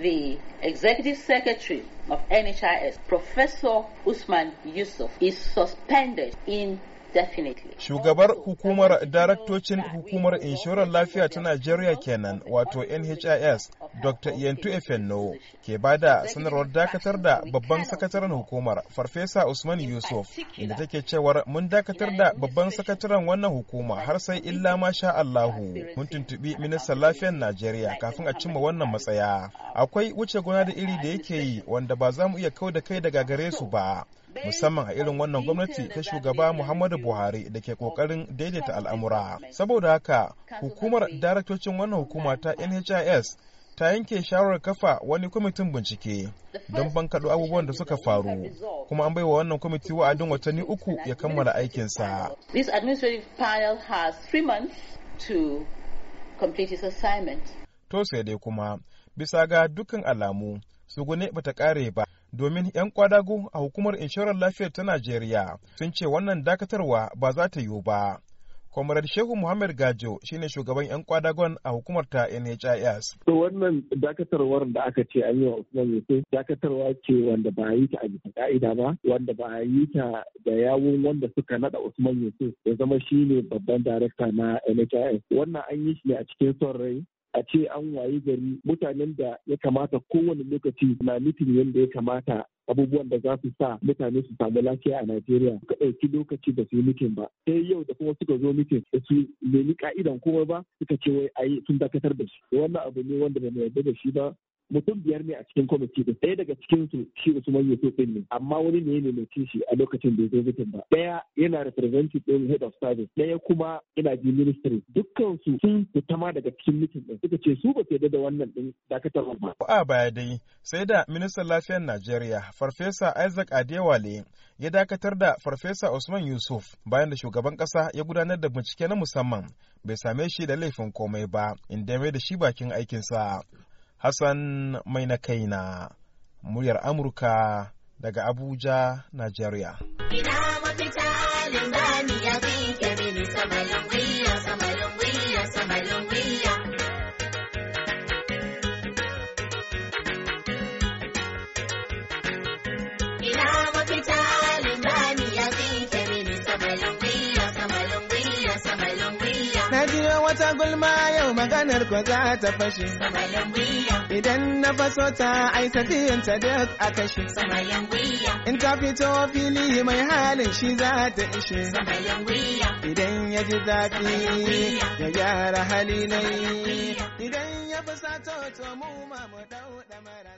The Executive Secretary of NHIS, Professor Usman Yusuf, is suspended in Shugabar hukumar daraktocin hukumar inshorar lafiya ta Najeriya kenan wato NHIS Dr. Yentu Efenno ke ba da sanarwar dakatar da babban sakataren hukumar Farfesa Usman Yusuf inda take cewar mun dakatar da babban sakataren wannan hukuma har sai illa ma sha Allahu mun tuntubi ministan lafiyar Najeriya kafin a cimma wannan matsaya. Akwai wuce gona da iri da yake yi wanda ba za mu iya kau da kai daga gare su ba. musamman a irin wannan gwamnati ta shugaba muhammadu buhari da ke kokarin daidaita al'amura saboda haka hukumar daraktocin wannan hukuma ta nhis ta yanke shawarar kafa wani kwamitin bincike don bankaɗo abubuwan da suka faru kuma an baiwa wannan kwamiti wa'adin watanni uku ya kammala aikinsa. This has to sai dai kuma bisa ga dukkan alamu ba bata kare ba domin 'yan kwadago a hukumar inshorar lafiyar ta Najeriya sun ce wannan dakatarwa ba za ta yiwu ba. Comrade Shehu Muhammad Gajo shine shugaban 'yan kwadagon a hukumar ta NHIS. To wannan dakatarwar da aka ce an yi wa Usman Yusuf dakatarwa ce wanda ba a yi ta a bisa ka'ida ba wanda ba a yi ta da yawun wanda suka nada Usman Yusuf ya zama shine babban darakta na NHIS. Wannan an yi shi ne a cikin son rai a ce an wayi gari mutanen da ya kamata kowane lokaci na mitin yadda ya kamata abubuwan da za su sa mutane su samu lafiya a Najeriya ka ɗauki lokaci da su yi mitin ba sai yau da kuma suka zo mitin da su nemi ka'idan komai ba suka ce wai ai tun dakatar da shi wannan abu ne wanda ba mu yarda da shi ba mutum biyar ne a cikin kwamiti din ɗaya daga cikin su shi Usman Yusuf din ne amma wani ne ne mai shi a lokacin da ya zo mutum ba ɗaya yana representing ɗin head of service ɗaya kuma yana ji ministry dukkan su sun fita ma daga cikin mutum din suka ce su ba su da wannan ɗin dakatarwa ba a baya dai sai da ministan lafiyar Najeriya farfesa Isaac Adewale ya dakatar da farfesa Usman Yusuf bayan da shugaban kasa ya gudanar da bincike na musamman bai same shi da laifin komai ba inda mai da shi bakin aikinsa Hassan mai na kai na, muryar Amurka daga Abuja, Najeriya. Ina mafita limbani ya fi maganar ko za ta fashe. Idan na faso ta ai ta duk a kashe. In ta fito fili mai halin shi za ta ishe. Idan ya ji zafi ya gyara hali nai. Idan ya fusa to mu ma mu dau mara.